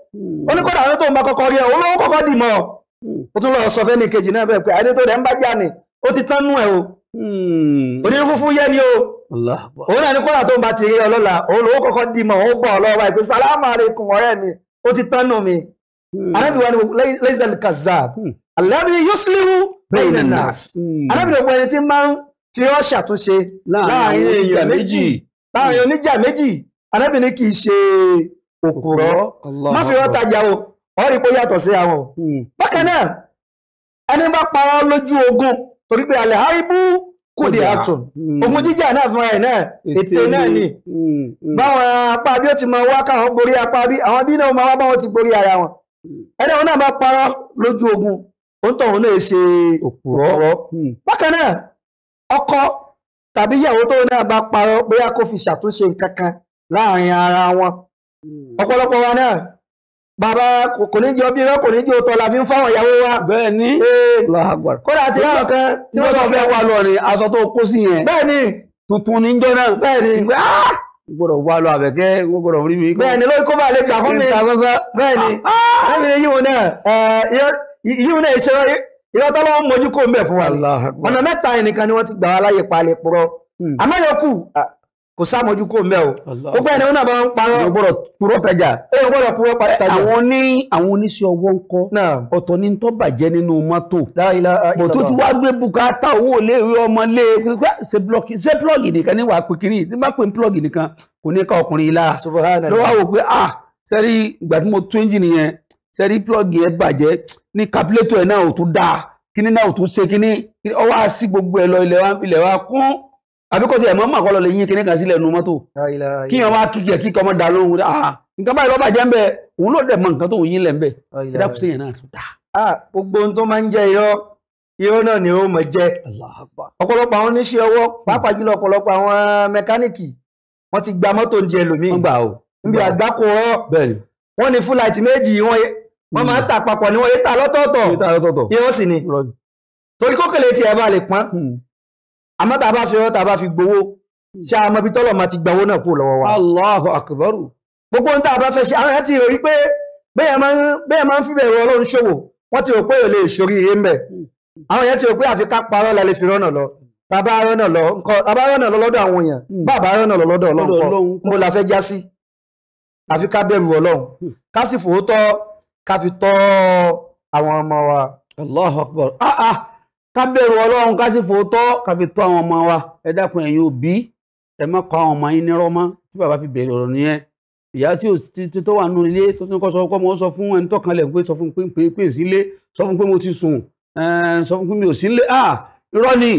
Hmm. ó ní kódà àwọn tó ń bá kọ́kọ́ rí ẹ mọ. ló ń kọ́kọ́ dì mọ́ hmm. ó tún lọ́ọ́ sọ fẹ́ni kejì náà bẹ́ẹ̀ pé tó rẹ̀ ń bá jà ó ti tán nú ẹ o onírú funfun yẹ ni o òun náà ní kódà tó ń bá ti rí ọlọ́la òun kọ́kọ́ dì mọ́ òun gbọ́ ọlọ́wà ìpè sálámà aleikum ọ̀rẹ́ mi ó ti tán nù mi anábì hmm. wa ni laisal kazab alladhi yuslihu bainan nas ni ti láàrin oníjà méjì kì í ṣe òkùrọ́ má fi rọ́ tajà o ọ̀ rí pé yàtọ̀ sí àwọn o. Hmm. bákan náà ẹni bá para lójú ogun torí pé alẹ́ àríbú kùdì àtọ̀ hmm. ogun jíjà náà fúnra ẹ̀ náà ète náà ni hmm. báwọn apá bí ó ti máa wá káwọn borí apá bí àwọn bí náà máa wá báwọn ti borí ara wọn ẹni àwọn náà bá para lójú ogun òun tọ̀hún náà ṣe òkùrọ́ bákan náà ọkọ tàbí ìyàwó tóun náà bá parọ́ bóyá kó fi ṣàtúnṣe nǹkan láàrin ara wọn Hmm. ọ̀pọ̀lọpọ̀ wa náà bàbá kò ní jọ bí kò ní jọ tọ́ la fi ń fáwọn ìyàwó wa. bẹ́ẹ̀ ni eh, kódà tí yàrá kan tí wọ́n lọ fẹ́ wà lọ ni aṣọ tó kó sí yẹn. bẹ́ẹ̀ ni tuntun ní jọ náà. bẹ́ẹ̀ ni ah! gbọ́dọ̀ wà lọ àbẹ̀kẹ́ gbọ́dọ̀ rí mi. bẹ́ẹ̀ ni lórí kóbá lè gbà fún mi. bẹ́ẹ̀ ni ah, ah! ẹ̀mí ni yíwọ náà yíwọ náà ṣe irọ́ tọ́lọ́ mojú kó ń bẹ̀ fún wa. ọ̀nà mẹ́ta ẹnìkan ni wọ́n ti gbà wá láyè palẹ̀ pọ̀rọ̀ hmm. àmọ́ yòókù kò sáàmójú kò mẹ́ o gbogbo ẹni wọn náà bá ń parọ́ gbọ́dọ̀ purọ́ tajà ẹ gbọ́dọ̀ purọ́ tajà àwọn ní àwọn oníṣẹ́ ọwọ́ ń kọ́ ọ̀tọ̀ ní tó bàjẹ́ nínú mọ́tò bò tó ti wá gbé bùkátà owó léèwé ọmọ lé e. ṣe blọọkì ṣe plọọgì nìkan ní wàá pè kiri ní bá pè ń plọọgì nìkan kò ní ká ọkùnrin yìí lára lọ́wọ́ wò pé ah sẹ́rí ìgbà tí mo tún ẹ́ńjìnì yẹn àbí kò sí ẹ̀mọ́ mọ̀ kọ́ lọ lè yín kíní kan sílẹ̀ nu mọ́tò kí wọ́n máa kíkì ẹ̀ kí kọ́ da lóhun ah nǹkan báyìí lọ́ba jẹ́ ń bẹ òun ló dẹ̀ mọ nǹkan tó yín lẹ̀ ń bẹ ẹ dákun sí yẹn náà tó dà. Ah, gbogbo ohun tó máa ń jẹ irọ́ irọ́ náà ni ó mọ̀ jẹ́ ọ̀pọ̀lọpọ̀ àwọn oníṣẹ́ ọwọ́ pàápàá jùlọ ọ̀pọ̀lọpọ̀ àwọn mẹkáníìkì wọ́n ti gba mọ́tò ń jẹ lómi níbi àgbákò àmọ́ tá a bá fi ọwọ́ tá a bá fi gbowó hmm. ṣe àwọn ibi tọ́lọ̀ máa ti gbawó náà kúrò lọ́wọ́ wa. Allahu akbar. gbogbo ohun tá a bá fẹ́ ṣe àwọn ti rí pé bẹ́ẹ̀ máa ń fi bẹ̀rù ọlọ́run ṣòwò wọ́n ti rò pé èlé ìṣòrí ire ń bẹ̀. Hmm. àwọn yẹn ti rò pé àfi ká parọ́ la lè fi rọ́nà lọ bàbá rọ́nà lọ lọ lọ́dọ̀ àwọn èèyàn bàbá hmm. rọ́nà lọ lọ́dọ̀ ọlọ́run mo la fẹ́ ká bẹ̀rù ọlọ́run ká sì fòótọ́ ká fi tọ́ àwọn ọmọ wa ẹ dákun ẹ̀yin òbí ẹ má kọ́ àwọn ọmọ yín nírọ́ mọ́ tí bàbá fi bẹ̀rẹ̀ ọ̀rọ̀ nìyẹn ìyá tí ò ti tó wà nù ilé tó ti kọ́ sọ pé mo sọ fún ẹni tó kan lẹ̀ pé sọ fún pé pé pé sílé sọ fún pé mo ti sùn eh, sọ fún pé mi ò sílé ah irọ́ ni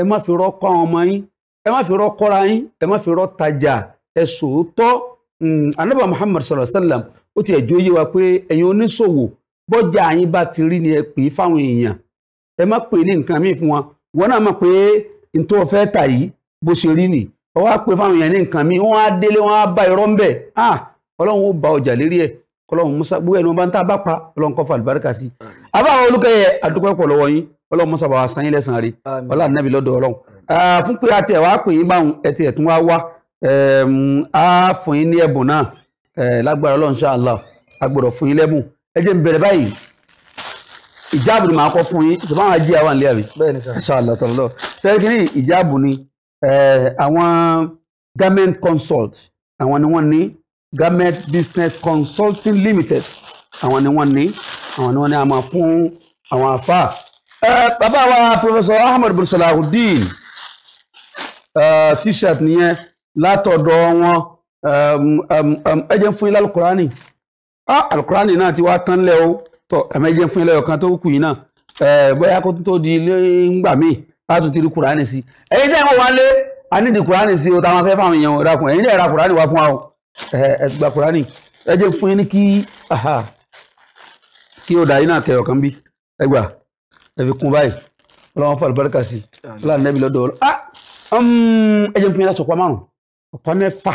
ẹ má fi rọ́ kọ́ àwọn ọmọ yín ẹ má fi rọ́ kọ́ra yín ẹ má fi rọ́ tajà ẹ sòótọ́ anábà hmm, Muhammad sallallahu alaihi wasallam ó ti ẹ̀jọ́ yé wa pé ẹ̀yin oníṣòwò bọ́jà yín ti rí ni ẹ pè ẹ má pè ní nǹkan míì fún wọn wọn náà mọ̀ pé n tó fẹ́ tà yìí bó ṣe rí nì ọ wá pè fáwọn èèyàn ní nǹkan míì wọn á délé wọn á bá irọ́ ń ah ọlọ́run ó ba ọjà lérí ẹ̀ ọlọ́run musa gbogbo ẹni wọn bá ń tá a bá pa ọlọ́run kọ́ fa àlùbáríkà sí i àbáwọn olùkẹ́yẹ àdúgbò pọ̀ lọ́wọ́ yín ọlọ́run musa bá wa san yín lẹ́sàn rí ọlá nàbí lọ́dọ̀ ọlọ́run fún pé àti ẹ̀ wá pè yín báwọn ẹ̀ tiẹ̀ tún wá wá á fún yín ní ẹ̀bùn náà lágbára ọlọ́run ṣáà Allah agbọ̀dọ̀ fún yín lẹ́bùn ẹ jẹ́ n bẹ̀rẹ̀ báyìí ìjáàbù ni màá kọ́ fún yín ṣùgbọ́n àwọn ajé àwọn àlẹ́ àbí. bẹ́ẹ̀ni sir. ṣàlọ tọ̀lọ̀ sẹ́kìnì ìjáàbù ni àwọn government consult àwọn ni wọ́n ní garment business consulting limited àwọn ni wọ́n ní àwọn ni wọ́n ní àmọ́ fún àwọn àfà. bàbá wa professor ahmed bin t-shirt nìyẹn látọ̀dọ̀ wọn ẹ jẹ́ fún yín lálùkùránì alukurani ah, náà ti wá tán lẹ́ o tọ ẹ̀mẹ́jẹ fún ilé ọ̀kan tó kù yìí náà bóyá kó tó di ilé ńgbà míì láti ti rí kùránì sí ẹ̀yin tẹ́ ẹ̀ mọ̀ wá lé a ní di kùránì sí o táwọn afẹ́ fáwọn èèyàn ọ̀dà kùn ẹ̀yin tẹ́ ẹ̀ ra kùránì wá fún wa o ẹ̀ gba kùránì ẹ jẹ́ fún yín ní kí kí o dà yín náà kẹyọ̀ kan bí ẹ gbà ẹ fi kún báyìí ọlọ́wọ́n fún àlùbáríkà sí láàrin ẹbí lọ́dọ̀ ọlọ́ ah, um, ẹ jẹ́ fún yín láti ọ̀pá márùn ọ̀pá mẹ́fà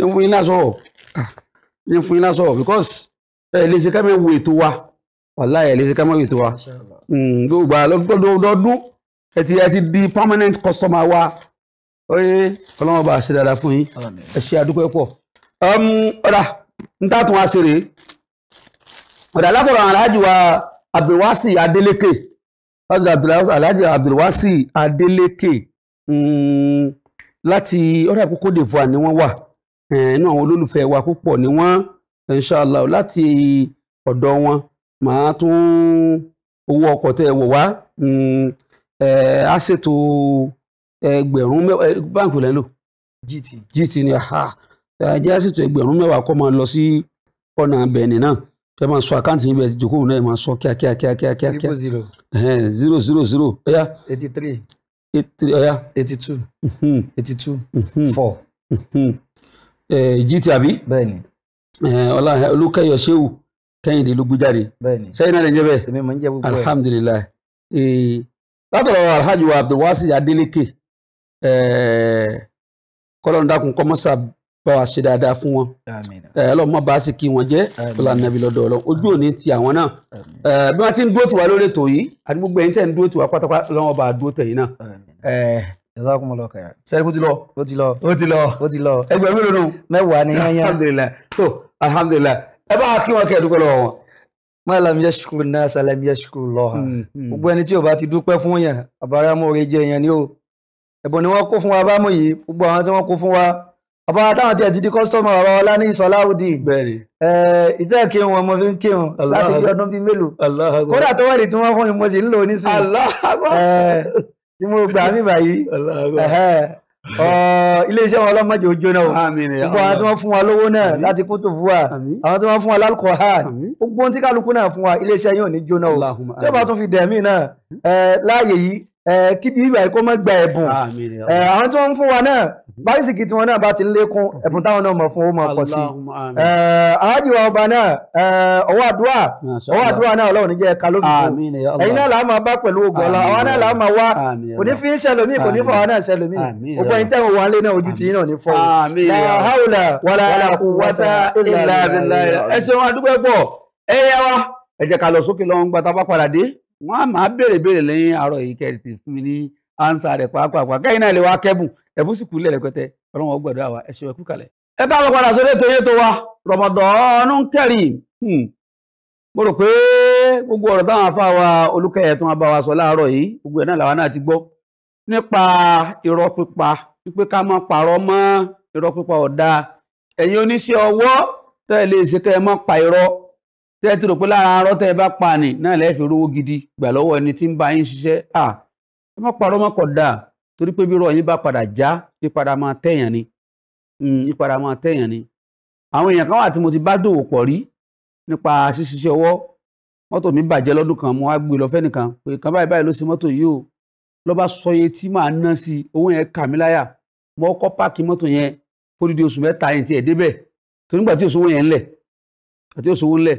ẹ fún yín láti ọ̀ ah, ẹ fún yín láti because ẹ lè ṣe ká máa wo ètò wa wàláhì ẹ lè ṣe ká máa wo ètò wa hmm, gbogbo àlọ́dọọdún ẹ ti ẹ ti di permanent customer wa oye ọlọ́wọ́n bá a ṣe dáadáa fún yín ẹ ṣe àdúpẹ́ pọ̀ um, ọ̀dà ń tàtún wa ṣe rèé ọ̀dà látọ̀rọ̀ àwọn aláàjì wa Abdulwasi Adeleke aláàjì Abdulwasi Adeleke hmm, láti ọ̀dà Cote d'Ivoire ni wọ́n wà inú àwọn olólùfẹ́ wa púpọ̀ ni wọ́n inshallah láti ọ̀dọ̀ wọn màá tún owó ọkọ̀ tẹ́ ẹ wọ̀ wá á hmm, ṣètò ẹgbẹ̀rún mẹ́wàá báǹkì lẹ́lò. gt gt ni ajẹ́ á ṣètò ẹgbẹ̀rún mẹ́wàá kọ́ máa lọ sí ọ̀nà bẹ̀ẹ̀nì náà ẹ máa sọ àkáǹtì yín bẹ́ẹ̀ ti jòkó náà ẹ máa sọ kíákíá kíákíá kíákíá zero zero zero ọ̀yá. eighty three ọ̀yá. eighty two mhm. eighty two mhm. four. Mhm. gt àbí. bẹ́ẹ̀ni ọlá olùkẹyọ sehu kẹ́hìndé ló gbé jáde sẹ́yìn náà lè jẹ bẹ́ẹ̀ alihamudulilayi eh, látọ̀rọ̀ alhaji wa abdulwasi adeleke eh, kọ́lọ́n dákun kọ́mọ́sà bá wa ṣe dáadáa fún wọn eh, ọlọ́mọ bá sì kí wọn jẹ́ ọlá nàbí lọ́dọ̀ ọlọ́run ojú òní ti àwọn náà bí wọ́n ti ń dúró tiwa lórí ètò yìí àti gbogbo ẹ̀yin tẹ̀ ń dúró tiwa pátápátá lọ́wọ́ bá a dúró tẹ̀yìn náà jazakumullahu khairan. sẹ́ni kó ti lọ. ó ti lọ. ó ti lọ. ó ti lọ. ẹgbẹ̀rún mélòó nù. mẹ́wàá ni yán alhamdulilayi ẹ bá kí wọn kẹ́ dúpẹ́ lọ́wọ́ wọn malam yashkuru náà salam yashkuru lọha hmm, hmm. gbogbo ẹni tí o bá ti dúpẹ́ fún yẹn àbáramọ̀ọ́rẹ́ jẹ yẹn ni o ẹ̀bùn ni wọ́n kó fún wa bámu yìí gbogbo àwọn tí wọ́n kó fún wa ọba táwọn tí ẹ ti di kọ́sítọ́mù ọba ọlá ní sọláwùdì ìtẹ́ kí wọn mo fi ń kí wọn láti bí ọdún bíi mélòó kódà tó wà ní tí wọ́n fún mi mo sì ń lò ó nísìnyí tí mo gbà mí báyìí iléeṣẹ́ wọn lọ́mọdé ojú náà gbogbo àwọn tí wọ́n fún wa lówó náà láti kó tó fún wa àwọn tí wọ́n fún wa lálùkọ̀ọ́hán gbogbo ohun tí kálukú náà fún wa iléeṣẹ́ yóò ní jóná o tí ó bá tún fi dẹ̀mí náà láàyè yìí kí bí ibà kó má gba ẹ̀bùn àwọn tí wọ́n ń fún wa náà báyìsìkì tí wọ́n náà bá ti ń lékún ẹ̀bùn táwọn náà mọ̀ fún ó mọ̀ pọ̀ sí aláàjì wa ọba náà ọwọ́ àdúrà ọwọ́ àdúrà náà ọlọ́run níjẹ́ ẹ̀ka lóbi fún ẹ̀yin náà làá máa bá pẹ̀lú ògùn ọ̀la àwọn náà làá máa wá kò ní fi ń ṣẹlòmíì kò ní fọ àwọn náà ṣẹlòmíì ògbọ́n yín tẹ́wọ̀n wà lẹ́nà ojú ti náà ní fọ́ la hawla wala quwwata illa billah wọ́n á máa béèrè béèrè lẹ́yìn àárọ̀ yìí kẹ́ ẹ ti fún mi ní ansa rẹ̀ pàápàá kẹ́yìn náà lè wá kẹ́bùn ẹ̀bùn sì kú lẹ̀ rẹpẹtẹ ọlọ́run ọgbàdo àwa ẹ̀ṣẹ̀ ẹ̀kú kalẹ̀. ẹ bá wọn padà sórí ètò yẹn tó wa Ramadan Kareem hmm. mo rò pé gbogbo ọ̀rọ̀ táwọn afá wa Olúkẹ́yẹ tó wọn bá wa sọ láàárọ̀ yìí gbogbo ẹ̀ náà làwa náà ti gbọ́ nípa irọ́ pípa wípé ká má parọ́ mọ́ irọ́ pípa ọ̀dà ẹ̀yin oníṣẹ́ ọwọ́ tẹ́ ẹ lè ṣe kẹ́ ẹ má pa irọ́ tẹ́ẹ̀tì rò pé lára arọ́ tẹ́ ẹ bá pa ni náà lẹ́ẹ̀ fi rówó gidi gbà lọ́wọ́ ẹni tí ń bá yín ṣiṣẹ́ à ẹ má parọ́ mọ́ kódà torí pé bí irọ́ yín bá padà já ní padà máa tẹ̀yàn ni ní hmm, padà máa tẹ̀yàn ni àwọn èèyàn kan wà tí mo ti bá dòwò pọ̀ rí nípa ṣíṣiṣẹ́ ọwọ́ mọ́tò mi bàjẹ́ lọ́dún kan mo wá gbé e lọ fẹ́nìkan pé kan báyìí báyìí ló ṣe mọ́tò yìí o lọ́ bá sọ iye tí màá ná sí owó yẹn kà mí láyà mo kọ́ páàkì mọ́tò yẹn fódìdí oṣù mẹ́ta yẹn tiẹ̀ débẹ̀ torí nígbà tí òṣòwò yẹn ńlẹ̀ àti òṣòwò ńlẹ̀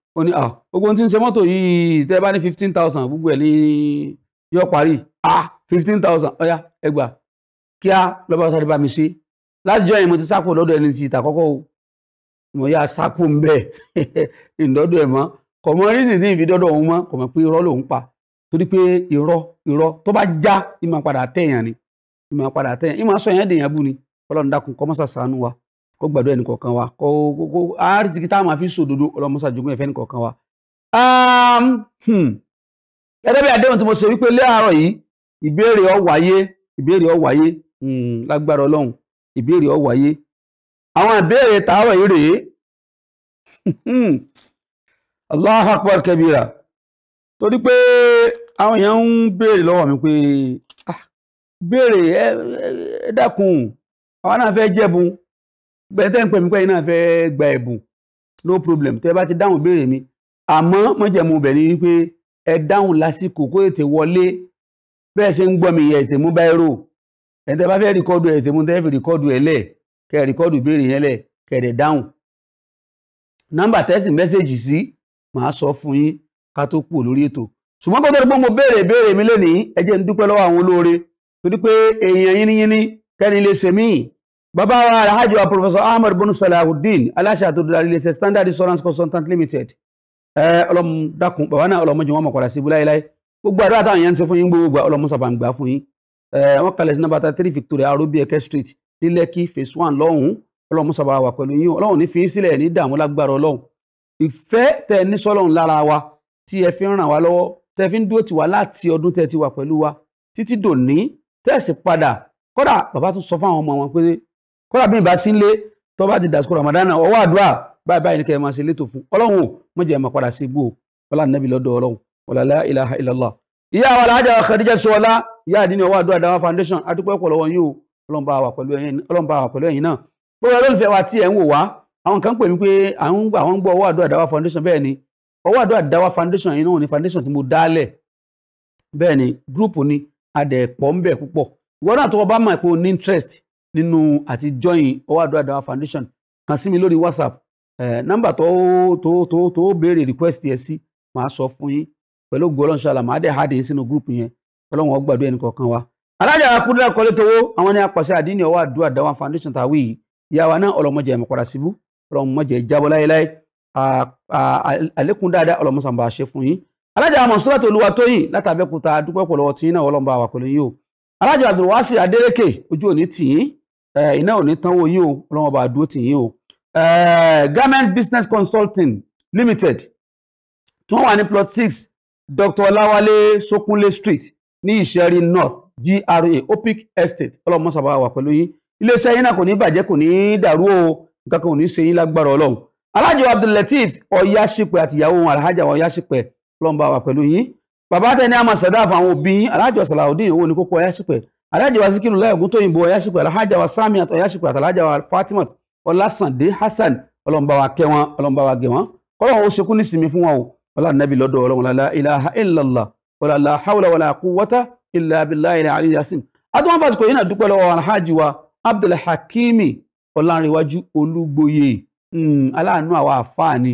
ó ní ah, gbogbo tí ń ṣe mọ́tò yìí tẹ́ bá ní fifteen thousand gbogbo ẹ̀ ní yọ parí ah, fifteen thousand ọ̀yá ẹgbàá kí á lọ́ba sáré bá mi ṣe láti jọ́ yẹn mo ti sáko lọ́dọ̀ ẹni tí ìtàkọ́kọ́ o mo yá sáko ń bẹ̀ ìdọ́dọ̀ ẹ̀ mọ́ kò mọ rísì tí ìfi dọ́dọ̀ òun mọ́ kò mọ̀ pé irọ́ lòun pa torí pé irọ́ irọ́ tó bá já ìmọ̀ padà tẹ̀yàn ni ìmọ̀ padà tẹ̀yàn ìmọ̀ sọ yẹn dèèyàn bú ni ọlọ́run dákun kọ́ mọ́sà wa kó gbàdúrà ẹnì kọ̀ọ̀kan wa kó kó kó àrísìkí tá a máa fi sòdodo ọlọ́mọṣà jogún ẹ̀fẹ́ ẹnì kọ̀ọ̀kan wa. Hmm. gẹ́gẹ́ bí àdéhùn tí mo ṣe wípé láàárọ̀ yìí ìbéèrè ó wáyé ìbéèrè ó wáyé hmm, lágbára ọlọ́run ìbéèrè ó wáyé àwọn ìbéèrè tààrọ̀ yìí rèé hmm. Allahu Akbar kabira torí pé àwọn èèyàn ń béèrè lọ́wọ́ mi pé ah, béèrè ẹ dákun àwọn náà fẹ́ jẹ́bùn tẹ́ ń pè mí pé iná fẹ́ gba ẹ̀bùn no problem tẹ́ bá ti dáhùn ìbéèrè mi àmọ́ mọ́jẹ̀mú bẹ̀ ni wípé ẹ dáhùn lásìkò kó ètè wọlé bẹ́ẹ̀ ṣe ń gbọ́ mi yẹ ètè mú báírò ẹ̀ tẹ́ bá fẹ́ rìkọ́dù ẹ̀ ètè mú tẹ́ fi rìkọ́dù ẹ̀ lẹ̀ kẹ́ ẹ̀ rìkọ́dù ìbéèrè yẹn lẹ̀ kẹ́ ẹ̀ dáhùn. nọ́mbà tẹ́sì mẹ́sẹ̀gì sí màá sọ fún yín ká tó kú lórí ètò ṣùgbọ́n kó tó di pé mo béèrè ìbéèrè mi lénìí ẹ jẹ́ n dúpẹ́ lọ́wọ́ àwọn olóore torí pé baba wa alhaji wa professor ahmed bonu salahuddin aláṣẹ àtòdúdarí iléeṣẹ́ standard insurance consultant limited ọlọmọdàkùn bàbá náà ọlọmọjì wọn mọkànlá sí búláyéláyé gbogbo àdúrà táwọn yẹn ń ṣe fún yín gbogbo ọlọmọsọba ń gbà fún yín wọn kalẹ̀ sí nàbàtà three victoria arobi eke street ní lẹ́kì phase one lọ́hùn-ún ọlọmọsọba wà pẹ̀lú yín ọlọ́hun ní fi í sílẹ̀ ní dààmú lágbára ọlọ́hun ìfẹ́ tẹ ní sọ́lọ́hun lára wa tí ẹ fi ń ràn wá lọ́wọ́ fi ń dúró tiwa láti ọdún tẹ ti wà pẹ̀lú wa títí dòní tẹ̀sí padà kódà bàbá tún sọ fún àwọn ọmọ wọn pé kódà bí ìbá sí ń lé tó bá ti dàsíkò Ramadan ọwọ́ àdúrà báyìí báyìí ní kẹ́ ẹ máa ṣe létò fún ọlọ́run mọ̀ jẹ́ ẹ máa padà sí igbó ọlá nàbí lọ́dọ̀ ọlọ́run ọ̀làlá ilaha illallah. ìyá wa làájà Khadija Ṣọlá ìyá àdínní ọwọ́ àdúrà dáwà foundation adúpẹ́ pọ̀ lọ́wọ́ yín o ọlọ́run bá wà pẹ̀lú ẹ̀yin náà. bóyá olólùfẹ́ wa tí ẹ̀ ń wò wá àwọn kan pè mí pé àwọn gbọ́ ọwọ́ àdúrà dáwà foundation bẹ́ẹ̀ ni ọwọ́ àdúrà dáwà foundation yìí náà ni foundation tí mo dálẹ̀ bẹ́ẹ̀ ni gúrùpù ni adẹ̀pọ̀ ń bẹ̀ púpọ̀ ìwọ náà tó bá mọ̀ pé o ní interest nínú àti join ọwọ́ àdúrà dáwà foundation kàn sí mi lórí whatsapp eh, nọ́mbà tó tó tó tó béèrè request yẹn sí màá sọ fún yín pẹ̀lú ògo ọlọ́run ṣàlà màá dẹ̀ háàdì yín sínú group yẹn ọlọ́run ọgbàdo ẹnì kọ̀ọ̀kan wa. alájà akúndà kọ́lé towó àwọn ní apàṣẹ àdínní ọwọ́ àdúrà foundation tàwí yìí ìyá wa náà ọlọ́mọjẹ ẹ̀mọ̀kọ́ra síbú ọlọ́mọjẹ ìjábọ̀ láéláé àlékún dáadáa ọlọ́mọsàmbà ṣe fún yín alájà Mọ̀súrátì Olúwatóyìn látàbẹ́kúta dúpẹ́ pọ̀lọ́wọ́ tí yín náà ọlọ́mọba wà pẹ̀lú yín o alájà Abdulwasi Adélékè ojú òní tì yín iná ò ní tánwó yìí o ọlọ́wọ́n bá dúró tì yín o Garment Business Consulting Limited tí wọ́n wà ní plot six Dr. Ọláwálé Sókúnlé Street ní Ìṣẹ́rí North GRA Opic Estate ọlọ́mọ sábà wà pẹ̀lú yín iléeṣẹ́ yín náà kò ní bàjẹ́ kò ní dàrú o nǹkan kan ò ní ṣe yín lágbára Ọlọ́run Alhaji Abdulateef Ọ̀yáṣípẹ̀ àti ìyàwó wọn Alhaji àwọn Ọ̀yáṣípẹ̀ ọlọ́mọ bá wà pẹ̀lú yín bàbá tẹni àmọ̀ sẹ̀dáàfọ̀ àwọn òbí yín Alhaji owó ní kókó Ọ̀yáṣípẹ̀ alájà wa Síkírù Láì Ògúntóyìnbó ọ̀yáṣípẹ̀ alájà wa Sami àti ọ̀yáṣípẹ̀ àtàlájà wa Fatima ọlásàndé Hassan ọlọ́mbà wa kẹ́ wọn ọlọ́mbà wa gẹ̀ wọn kọ́lọ́wọ́n ó ṣekú ní sinmi fún wọn o ọlá nàbì lọ́dọ̀ ọlọ́run lálá ilaha illallah wala la hawla wala quwwata illa billahi aliyil azim àtúwọ́n fásitì yìí náà dúpẹ́ lọ́wọ́ alhaji wa Abdul Hakimi ọlárìnwájú olúgboyè hmm, aláàánú àwa àfáàní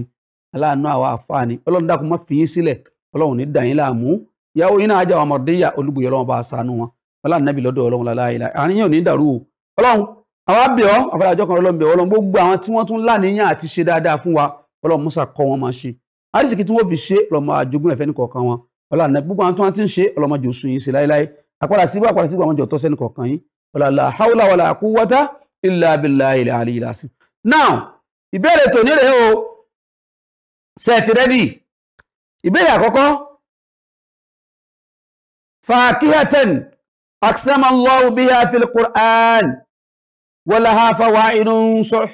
aláàánú àwa àfáàní ọlọ́run dákun má fi yín sílẹ̀ ọlọ́run ní dàyín láàmú ìyàwó yín náà ajá wa mọ̀déyà olúgboyè ọlọ́run bá a ṣàánú wọn ọlá nàbì lọ́dọ̀ ọlọ́run láláìlá àníyàn ò ní dàrú o ọlọ́run àwọn abẹ́ ọ àfàdàjọ kan ọlọ́run bẹ̀ ọlọ́run gbogbo àwọn tí wọ́n tún láníyàn àti ṣe dáadáa fún wa ọlọ́run musa kọ́ wọn máa ṣe àrísìkí tí wọ́n fi ṣe ọlọ́mọ àjogún ẹ̀fẹ́ nìkọ̀ọ̀kan wọn ọlọ́run nàbì gbogbo àwọn tí wọ́n ti ń ṣe ọlọ́mọ jò sùn yín sí láíláí àpàdà síbú àpàdà síbú àwọn jọ tọ́sẹ́ nìkọ̀ọ̀kan yín ọlọ́lá أقسم الله بها في القرآن ولها فوائد صح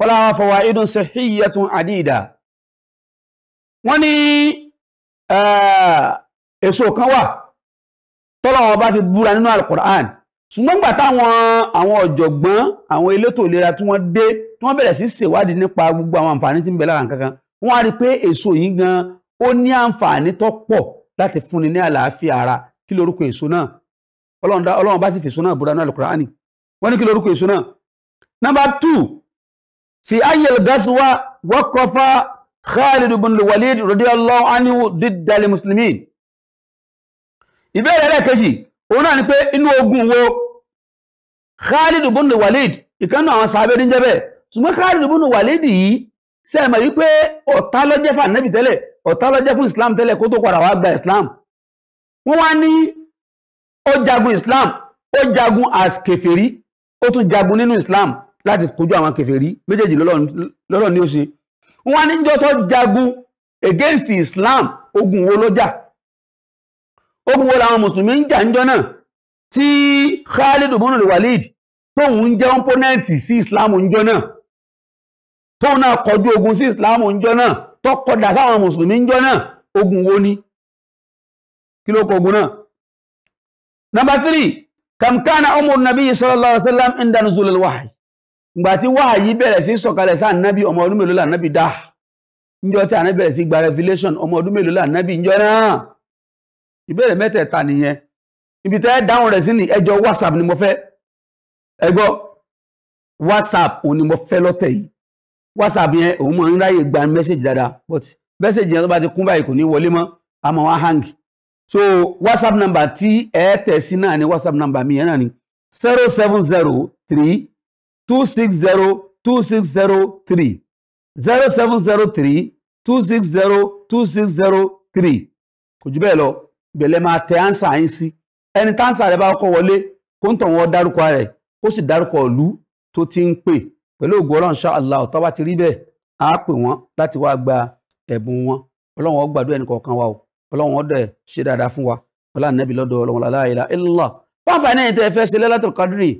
ولها فوائد صحية عديدة وني ní eh, èso kan wà tọ́lọ̀wọ̀ bá fi búra nínú al-Qur'an ṣùgbọ́n gbà táwọn àwọn ọ̀jọ̀gbọ́n àwọn elétò ìlera tí wọ́n dé tí wọ́n bẹ̀rẹ̀ sí ṣèwádìí nípa gbogbo àwọn àǹfààní tí ń bẹ lára nǹkankan wọ́n á rí pé èso yìí gan ó ní àǹfààní tó pọ̀ láti fúnni ní àlàáfíà ara kí lórúkọ èso náà ọlọ́run bá sì fèsùn náà búra náà Al-Qur'ani wọ́n ní kí lórúkọ èso náà nọ́mbà 2 fi ayyel gaswa waqafa Khalid ibn Walid radiyallahu anhu diddal muslimin ìbéèrè ẹlẹ́ẹ̀kejì òun náà ni pé inú ogun wo Khalid ibn Walid ìkan àwọn sàábé ní jẹ́bẹ̀ ṣùgbọ́n Khalid ibn Walid yìí sẹ́ẹ̀mọ̀ yìí pé ọ̀tá ló fún ànábì ó jagun islam ó jagun as kèfèrí ó tún jagun nínú islam láti kojú àwọn kèfèrí méjèèjì lọ́lọ́ ní ó ṣe wọ́n níjọ́ tó jagun against islam ogun wo ló jà ogun wo làwọn mùsùlùmí ń jà níjọ́ náà tí Khalid ibn Walid tóun ń jẹ́ ọ́npọ́nẹ́ǹtì sí islam níjọ́ náà tóun náà kọjú ogun sí islam níjọ́ náà tó kọdà sáwọn mùsùlùmí níjọ́ náà ogun wo ni kí ló kọ ogun náà number three kam kana umur nabi sallallahu alaihi wasallam inda nuzul alwahy ngba tí wahyi bẹ̀rẹ̀ sí sọ̀kalẹ̀ san nabi ọmọ ọdún mélòó la nabi da ǹjọ́ tí anabi bẹ̀rẹ̀ sí gba revelation ọmọ ọdún mélòó la nabi ǹjọ́ náà ìbéèrè mẹ́tẹ̀ẹ̀ta nìyẹn ibi tẹ́ dáhùn rẹ̀ sí ni ẹjọ́ whatsapp ni mo fẹ́ ẹ gbọ́ whatsapp òun mo fẹ́ lọ́tẹ̀ yìí whatsapp yẹn òun máa ń gba message dáadáa but message yẹn tó bá ti kún báyìí kò ní wọlé mọ́ àmọ́ wọn hang so whatsapp number tí ẹ tẹ̀ sí náà ni whatsapp number mi yẹn náà ni zero seven zero three two six zero two six zero three zero seven zero three two six zero two six zero three kò jù bẹ́ẹ̀ lọ gbẹ̀lẹ́ máa tẹ ánsà yín sí ẹni tánsà rẹ bá kọ́ wọlé kó ń tàn wọ́n dárúkọ rẹ̀ kó sì dárúkọ ìlú tó ti ń pè pẹ̀lú ògo ọlọ́run ṣá Allah gba ẹ̀bùn wọn ọlọ́run ó gbàdúrà ẹnì kọ̀ọ̀kan wa o ọlọ́run ọdẹ ṣe dáadáa fún wa ọlá nẹ́bí lọ́dọ̀ ọlọ́run aláìlá ilá fáfà náà tẹ́ fẹ́ ṣe lẹ́látọ̀rọ̀ kádìrì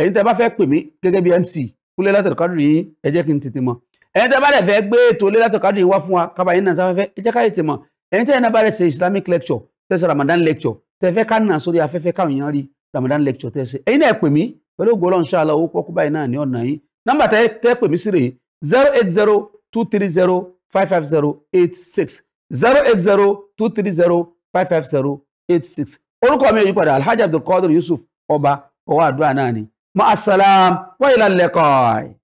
ẹ̀yin tẹ́ bá fẹ́ pè mí gẹ́gẹ́ bí mc fún lẹ́látọ̀rọ̀ kádìrì yín ẹ jẹ́ kí n tètè mọ̀ ẹ̀yin tẹ́ bá dẹ̀ fẹ́ gbé ètò lẹ́látọ̀rọ̀ kádìrì wá fún wa kaba yín náà sáfẹ́fẹ́ ẹ jẹ́ ká tètè mọ̀ ẹ̀yin tẹ́ ẹ̀ náà bá dẹ̀ ṣe islamic lecture tẹ́ ṣe ramadan lecture tẹ́ fẹ́ ká nà sórí afẹ́fẹ́ káwọn ramadan lecture tẹ́ zero eight zero two three zero five five zero eight six zero eight zero two three zero five five zero eight six orúkọ mi ò yípadà alhaji abdulkadir yusuf ọba ọwọ́ àdúrà náà ni ma'asalam wa ilal